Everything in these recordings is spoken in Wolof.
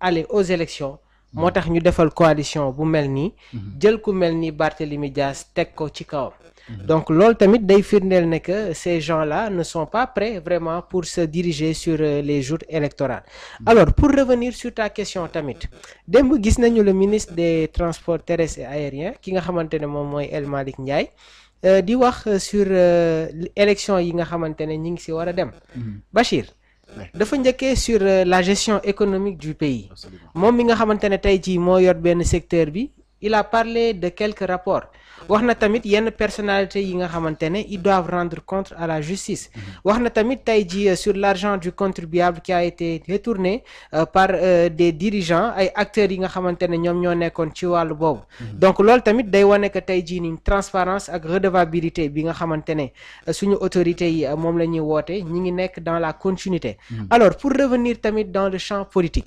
aller aux élections moo tax ñu defal coalition bu mel nii jël ku mel nii Barthélemy Dias teg ko ci kawam donc loolu tamit day firndeel ne que ces gens-là ne sont pas prêts vraiment pour se diriger sur euh, les jours électoraux alors pour revenir sur ta question tamit démb gis nañu le ministre des transport terrestres et ki nga xamante ne moom mooy El Malick Ndiaye euh, di wax sur euh, élection yi nga xamante ne ñi ngi si war a dem mm-hmm. dafa njëkkee sur euh, la gestion économique du pays moom mi nga xamante ne tey jii moo yot benn secteur bi il a parlé de quelques rapports wax na tamit yenn personnalité yi nga xamante ne ils doivent rendre compte à la justice mhm. wax na tamit tey ji euh, sur l'argent du contribuable qui a été détourné euh, par euh, des dirigeants ay acteurs yi nga xamante ne ñoom ñoo nekkoon ci wàllu boobu mhm. donc loolu tamit day wane que tey jii ni transparence ak redevabilité bi nga xamante ne suñu autorités yi moom la ñuy woote ñi ngi nekk dans la continuité mhm. alors pour revenir tamit dans le champ politique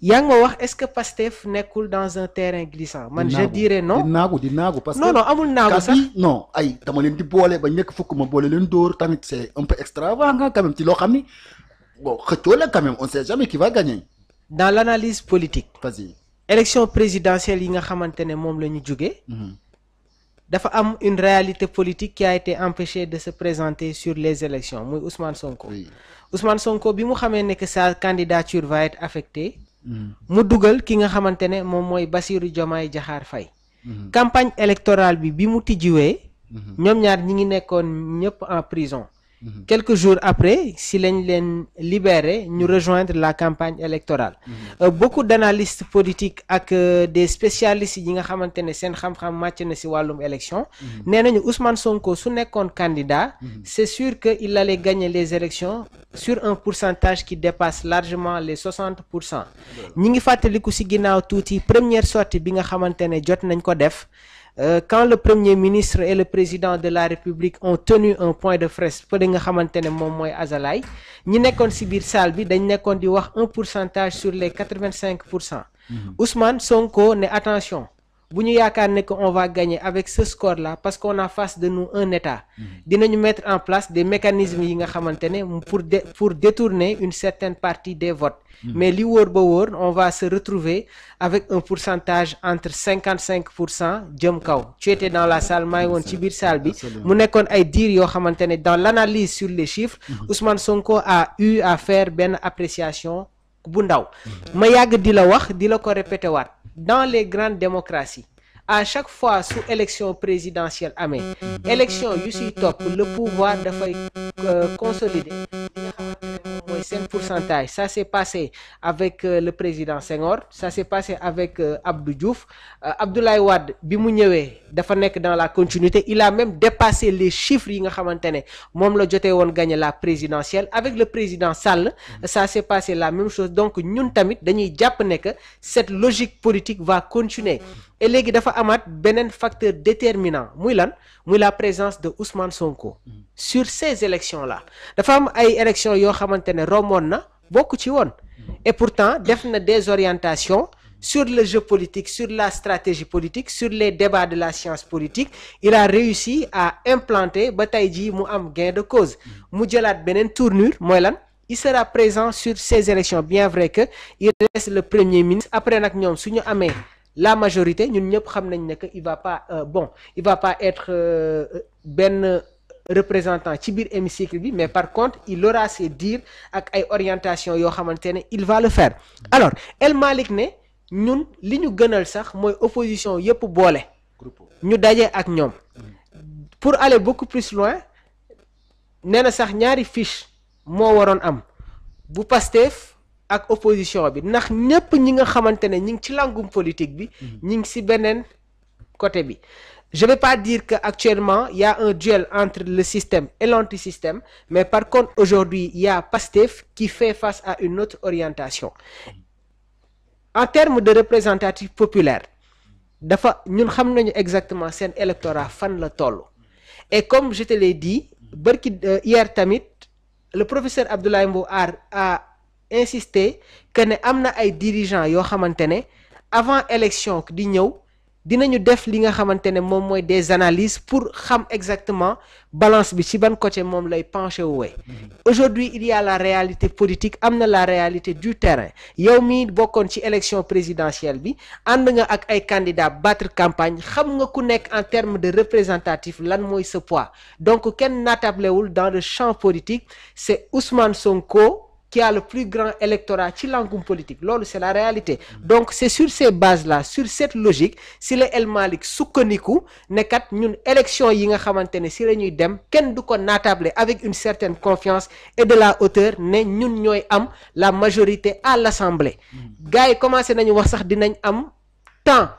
yaa ngi ma wax est-ce que Pastef nekkul dans un terrain glissant. man je dirais non di naagu di naagu. parce que non amul naagu sax non ay dama leen di boole ba ñekk fukk ma boole leen dóor tamit c'est un peu extravagant quand même ci loo xam ni bon xëccoo la quand même on sait jamais qui va gagner. dans l'analyse politique. vas-y élection présidentielle yi nga xamante ne moom la ñu jógee. Mhm. dafa am une réalité politique qui a été empêchée de se présenter sur les élections muy Ousmane Sonko. Oui. Ousmane Sonko bi mu xamee ne que sa candidature va être mu dugal ki nga xamante ne moom mooy Bassirou Diomaye Diakhar fay mhm. campagne électorale bi bi mu tijjiwee mhm. ñoom ñaar ñi ngi nekkoon ñëpp en prison Mhm. quelques jours après si lañ leen libéré ñu rejoindre la campagne électorale mhm. euh, beaucoup d'analystes politiques ak euh, des spécialistes yi nga xamante ne seen xam-xam màcc na ci wàllum élection mhm. nee nañu Ousmane Sonko su nekkoon candidat c'est sur que il allait gagner les élections sur un pourcentage qui dépasse largement les 60 pour cent ñi ngi fàttaliku ci ginnaaw tuuti première sortie bi nga xamante ne jot nañ ko def Euh, quand le premier ministre et le président de la république ont tenu un point de presse fële nga xamante ne moom mooy Azalaï ñi nekkoon ci biir salle bi dañu nekkoon di wax un pourcentage sur les quatre-vingt-cinq pour cent mhm. Ousmane Sonko ne attention bu ñu yaakaar ne que on va gagner avec ce score là parce qu'on a face de nous un état mhm. dinañu mettre en place des mécanismes yi nga xamante ne pour pour détourner une certaine partie des votes mhm. mais li woor ba wóor on va se retrouver avec un pourcentage entre cinquante cinq pour cent jëm kaw tu étais dans la salle maa ngi woon ci biir salle bi mu nekkoon ay diir yoo xamante ne dans l'analyse sur les chiffres mhm. Ousmane Sonko a eu à faire benn appréciation bu ndaw ma yàgg di la wax di la ko répété waat dans les grandes démocraties à chaque fois su élection présidentielle amee élection yu top topp le pouvoir dafay euh, consolider seen pourcentage ça s'est passé avec euh, le président Senghor ça s'est passé avec euh, Abdou Diouf euh, Abdoulaye Wade bi mu ñëwee dafa nekk dans la continuité il la même dépassé le chiffres yi nga xamante ne moom la jotee woon gagné la présidentielle avec le président Sall ça s'est passé la même chose donc ñun tamit dañuy jàpp ne que cette logique politique va continuer et léegi dafa amaat beneen facteur déterminant muy lan muy la présence de Ousmane Sonko mm. sur ces élections là dafa am ay élections rommoon na bokk ci woon et pourtant def na des orientations sur le jeu politique sur la stratégie politique sur les débats de la science politique il a réussi à implanter ba tey jii mu am gain de cause mu jëlaat beneen tournure mooy lan il sera présent sur ces élections bien vrai que il reste le premier ministre après nag ñoom su ñu amee la majorité ñun ñëpp xam nañ ne que il va pas euh, bon il va pas être euh, euh, benn représentant ci biir hémicycle bi mais par contre il aura diir ak ay orientation yoo xamante ne il va le faire alors El Malick ne ñun li ñu gënal sax mooy opposition yëpp boole ñu daje ak ñoom pour aller beaucoup plus loin nee na sax ñaari fiche moo waroon am bu Pastef ak opposition bi ndax ñëpp ñi nga xamante ne ñi ngi ci langum politique bi mm-hmm. ñi ngi ci beneen côté bi je vais pas dire que actuellement ya un duel entre le système et système mais par contre aujourd'hui il y a Pastef qui fait face à une autre orientation en termes de représentatif populaire dafa ñun xam nañu exactement seen électorat fan la toll et comme je te l'ai dit bërki euh, hier tamit le professeur Abdoulaye Mbow Aar a insisté que ne am na ay dirigeants yoo xamante ne avant élection di ñëw dinañu def li nga xamante ne moom mooy des analyses pour xam exactement balance bi ci ban côté moom lay penché wu way mhm. aujourd'hui il y la réalité politique am na la réalité du terrain yow mii bokkoon ci élection présidentielle bi ànd nga ak ay candidats battre campagne xam nga ku nekk en terme de représentatif lan mooy ce poids donc kenn naatablewul dans le champ politique c'est Ousmane Sonko ci a le plus grand électorat ci langum politique loolu c'est la réalité donc c'est sur ces bases là sur cette logique si la El Malick sukkandiku ne kat ñun élection yi nga xamante ne si la ñuy dem kenn du ko naatable avec une certaine confiance et de la hauteur ne ñun ñooy am la majorité à l'Assemblée mm. gars yi commencé nañu wax sax dinañ am temps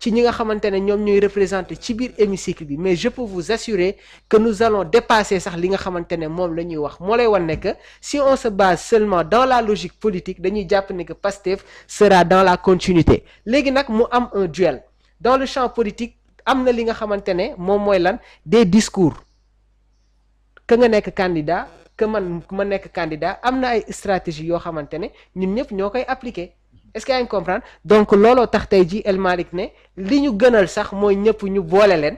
ci ñi nga xamante ne ñoom ñuy représenté ci biir hémicycle bi mais je peux vous assurer que nous allons dépasser sax li nga xamante ne moom la ñuy wax moo lay wan ne que si on se base seulement dans la logique politique dañuy jàpp ni que Pastef sera dans la continuité léegi nag mu am un duel dans le champ politique am na li nga xamante ne moom mooy lan des discours que nga nekk candidat que man ma nekk candidat am na ay stratégie yoo xamante ne ñun ñëpp ñoo koy appliquer est-ce que yaa ngi donc looloo tax tey jii El Malick ne li ñu gënal sax mooy ñëpp ñu boole leen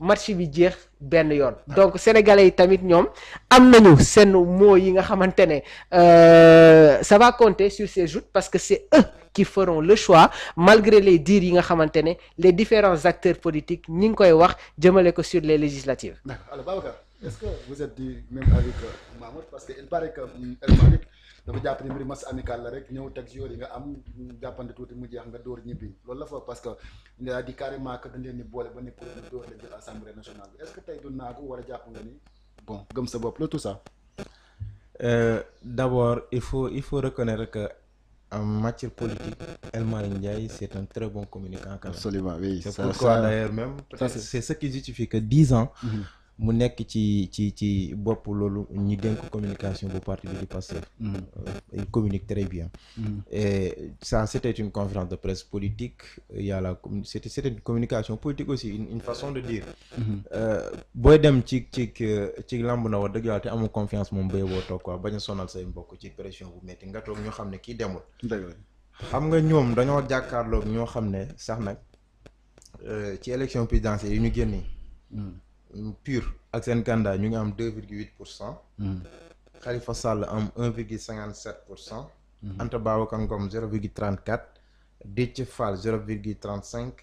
match bi jeex benn yoon donc sénégalais yi tamit ñoom am nañu seen mots yi nga xamante ne euh, ça va compter sur ces joutes parce que c'est eux qui feront le choix malgré les dires yi nga xamante ne les différents acteurs politiques ñi ngi koy wax jëmale ko sur les législatives. D'accord alors dama jàpp ne mbir match amical la rek ñëw teg joueurs yi nga am jàppante tuuti mu jeex nga dóor ñibbi loolu la fa parce que daa di carrément que dañ di boole ba ne pour ñu dóor jël assemblée nationale bi est que tey du naagu wala jàpp nga ni bon gëm sa bopp la tout ça. Euh, d' il faut il faut reconnaître que en matière politique El Malick Ndiaye c' est un très bon communicant. quand même absolument oui c' est pourquoi d' ailleurs même. ça c' ce qui justifie mu nekk ci ci ci bopp loolu ñi dénk communication bu parti bi di Pastef mm. euh, il communique très bien mm. et ça c'était une conférence de presse politique il y a la c'était c'était une communication politique aussi une, une façon de dire mm-hmm. euh, booy dem ci ci ci làmb na wax dëgg yàlla te amul confiance moom bay boo toog quoi bañ a sonal say mbokk ci pression bu metti nga toog ñoo xam ne kii demul xam nga ñoom dañoo jàkkaarloog ñoo xam ne sax nag euh, ci élection présidentielle yi ñu génn mm. pur ak seen candidat ñu ngi am deux virgule huit pour cent hmm. Khalifa Sall am un virgule cinquante sept pour cent hmm. Anta Babacar Ngom zéro virgule trente quatre Déthié Fall zéro virgule trente cinq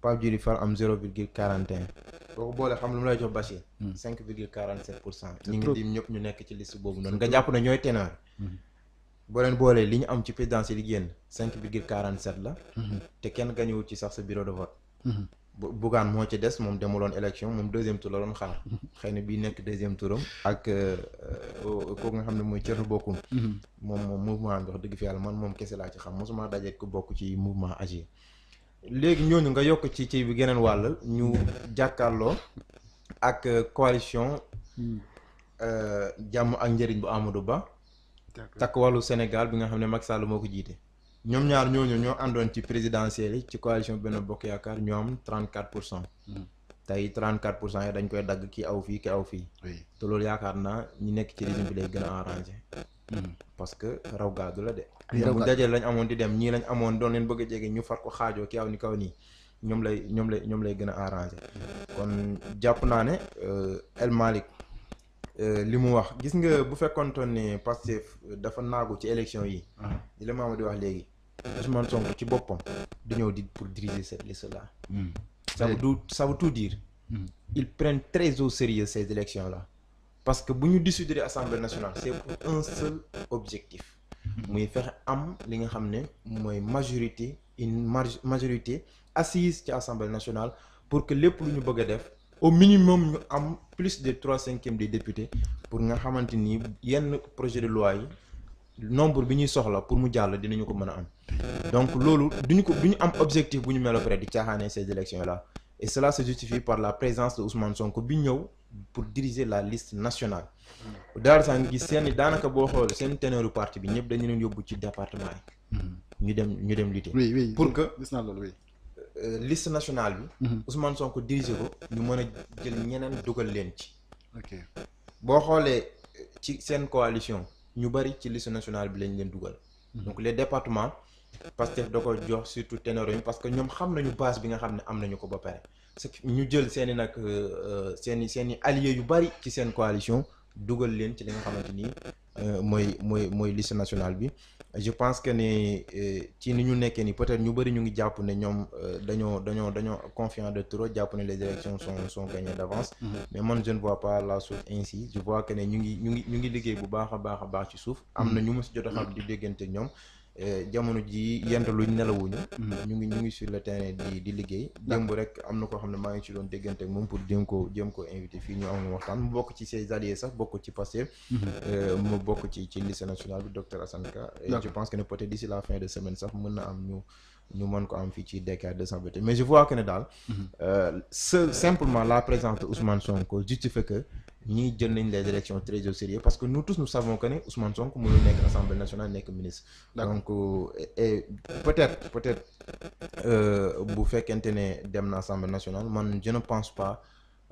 Pape Djibril Fall am zéro virgule quarante et un boo ko boolee xam lu mu lay jox Bachir hmm. cinq virgule quarante sept pour cent ñu ngi lim ñëpp ñu nekk ci liste boobu noonu nga jàpp na ñooy ténor boo leen boolee li ñu am ci présidentielle yi génn cinq virgule quarante sept la te kenn gañuwul Bougane moo ci des moom demuloon élection moom deuxième tour la doon xaar xëy na bii nekk deuxième touram ak euh, euh, kooku nga xam ne mooy Thierno Bocoum mm-hmm. moom moom mouvement bi wax dëgg fi yàlla man moom kese laa ci xam mosuma daje ku bokk ci mouvement Agir léegi ñooñu nga yokk ci ci bi geneen wàll ñu jàkkaarloo ak euh, coalition mm-hmm. jàmm ak njëriñ bu Amadou Ba takk wàllu Sénégal bi nga xam ne Macky Sall moo ko jiite ñoom ñaar ñooñu ñoo àndoon ci présidentielles ci coalition Benno Bokk Yaakaar ñoo am 34 pour cent. Mhm. tey 34 pour cent yi dañ koy dagg kii aw fii ki aw fii. te loolu yaakaar naa ñi nekk ci régime bi lay gën a arrangé. Mhm. parce que raw gaadu la de. bu dajee lañ amoon di dem ñii lañ amoon doon leen bëgg a jege ñu far ko xaajoo ki aw ni kaw nii ñoom lay ñoom lay ñoom lay gën a arrangé. kon jàpp naa ne euh, El Malick euh, li mu wax gis nga bu fekkoontoon ne Pastef euh, dafa naagu ci élection yi. Ah. li la maama di wax léegi. Ousmane Sonko ci boppam du ñëw di pour diriger cette liste là. Hmm. ça veut tout ça veut tout dire. Hmm. ils prennent très au sérieux ces élections la parce que bu ñu dissoudre assemblée nationale c'est pour un seul objectif. Hmm. muy fexe am li nga xam ne mooy majorité une majorité assise ci assemblée nationale pour que lépp lu ñu bëgg a def au minimum ñu am plus de trois cinquièmes de députés pour nga xamante ni yenn projet de loi yi. nombre bi ñuy soxla pour mu jàll dinañu ko mën a am donc loolu duñu ko duñu am objectif bu ñu melo près di caaxaane ces élections la et cela se justifie par la présence de Ousmane Sonko bi ñëw pour diriger la liste national daal sax nga gis seen daanaka boo xool seen teneeru parti bi ñëpp dañu leen yóbbu ci département yi mhm. ñu dem ñu dem lutter pour que gis naa loolu oui euh, liste nationale bi mhm. Ousmane ko diriger ko ñu mën a jël ñeneen dugal leen ci ok boo xoolee ci seen coalition ñu bari ci liste nationale bi lañ leen dugal. Mhm. donc les départements Pastef da ko jox surtout ténor yi parce que ñoom xam nañu base bi nga xam ne am nañu ko ba pare. parce que ñu jël seen i nag euh, euh, seen i seen i alliés yu bari ci seen coalition dugal leen ci li nga xamante ni euh, mooy mooy mooy liste nationale bi. Euh, je pense que ni euh, ci ni ñu nekkee ni peut-être ñu bëri ñu ngi jàpp ne ñoom euh, dañoo dañoo dañoo confiant de trop jàpp ne les élections sont sont gagnées d'avance mm-hmm. mais man je ne vois la chose ainsi je vois que ne ñu ngi ñu ngi ñu ngi liggéey bu baax a baax a baax ci suuf am na mm-hmm. ñu ma si jot a xam di déggante ñoom Eh, jamono ji yent luñ nelawuñu mm-hmm. ñu ngi ñu ngi sur le terrain di di liggéey démb rek am na koo xam ne maa ngi ci doon déggante ak moom pour jéem koo jéem koo invité fii ñu am na waxtaan mu bokk ci ses alliés sax bokk ci Pastef mm-hmm. eh, mu bokk ci ci lycée national bi docteur Assane Ka eh, je pense que ne peut-être d'ici la fin de semaine sax mën na am ñu ñu mën ko am fii ci DK 221 mais je vois que ne daal mm-hmm. euh, simplement la présence de Ousmane Sonko justifie que ñii jël nañ les élections très au sérieux parce que nous tous nous savons que ne Ousmane Sonko mënul nekk assemblée nationale nekk ministre. donc euh, et peut-être peut-être euh, bu fekkente ne dem na assemblée nationale man je ne pense pas.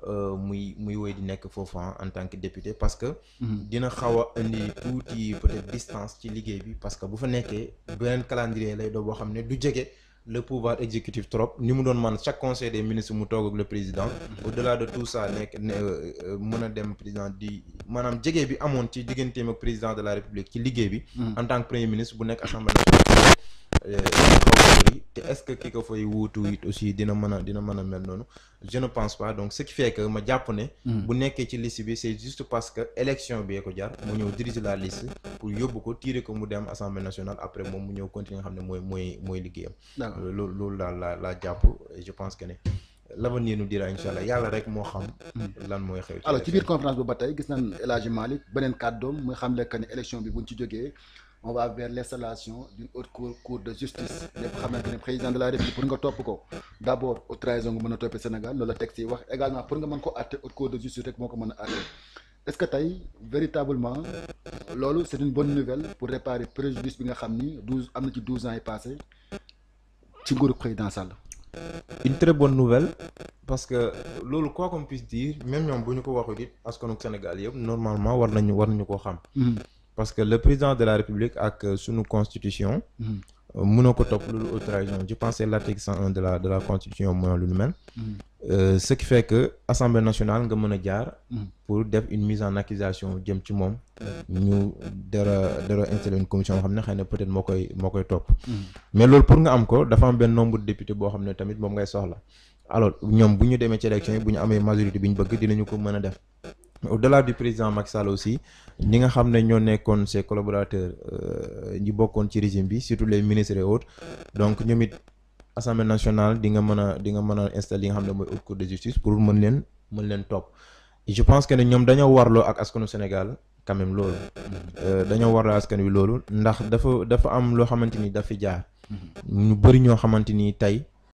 Euh, muy muy woy di nekk foofu en tant que député parce que. Mhm. dina xaw a indi tuuti peut-être distance ci liggéey bi parce que bu fa nekkee beneen calendrier lay doo boo xam ne du jege le pouvoir exécutif trop ni mu doon man chaque conseil des ministres mu toog ak le président au delà de tout ça nekk euh, euh, mën a dem président di maanaam jege bi amoon ci digganteem ak président de la république ci liggéey bi mm. en tant que premier ministre bu nekk assemblée euh, te est-ce que ki ko fay wuutu it aussi dina mën a dina mën a mel noonu je pense pas donc ce qui fait que ma jàpp ne hmm. bu nekkee ci liste bi c'est juste parce que élection bi ko jar mu ñëw diriger la liste pour yóbbu ko tirer ko mu dem assemblée nationale après moom mu ñëw continuer nga xam ne mooy mooy mooy liggéeyam loolu loolu daal laa laa jàpp je pense que ne l'avenir nous dira incha allah yàlla rek moo xam. Hmm. lan mooy xew ci biir conférence bu ba tey gis nañ El Hadj Malick beneen kàddoom muy xamle que ni jógee on va vers l'installation d'une haute cour cour pour nga topp ko d' abord haute trahison nga mën a toppee Sénégal loolu la texte yi wax également pour nga mën moo ko loolu c' est une bonne nouvelle pour réparer préjudice bi nga xam ni douze am na ci douze ans yi passé ci nguuru président Sall. une très bonne nouvelle parce que loolu quoi qu'on puisse dire même ñoom bu ñu ko waxul it askanu Sénégal yëpp normalement war nañu war nañu koo xam. Mm-hmm. parce que le président de la république ak euh, sunu constitution. Mhm. Euh, mënoo ko topp loolu haute trahison je pense c'est l'article 101 de la de la constitution mooy lu nu mel. Mhm. Euh, ce qui fait que assemblée nationale nga mën a jaar. Mhm. pour def une mise en accusation jëm ci moom. ñu dara dara installer une commission boo xam ne xëy na peut-être moo koy moo koy topp. mais loolu pour nga am ko dafa am benn nombre député boo xam ne tamit moom ngay soxla alors ñoom bu ñu demee ci élection bu ñu amee majorité bi ñu bëgg dinañu ko mën a def. mais au-delà du président Macky Sall aussi ñi nga xam ne ñoo nekkoon ses collaborateurs euh, ñi bokkoon ci régime bi surtout les ministres et donc ñoom it assemblée nationale di nga mën a di nga mën a installer li nga xam ne mooy haute cour de justice pour mën leen mën leen topp je pense que ne ñoom dañoo warloo ak askanu Sénégal quand même loolu euh, dañoo warloo askan wi loolu ndax dafa dafa am loo xamante ni dafi jaar mm-hmm. ñu bëri ñoo xamante nii tey